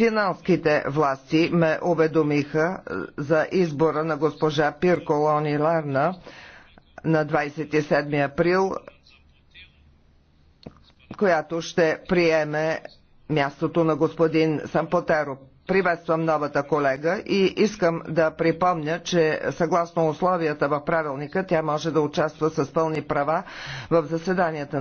Финанските власти ме уведомиха е, за избора на госпожа Пирколони Ларна на 27 април, която ще приеме мястото на господин Сампотеро. Приветствам новата колега и искам да припомня, че съгласно условията в правилника тя може да участва с пълни права в заседанията на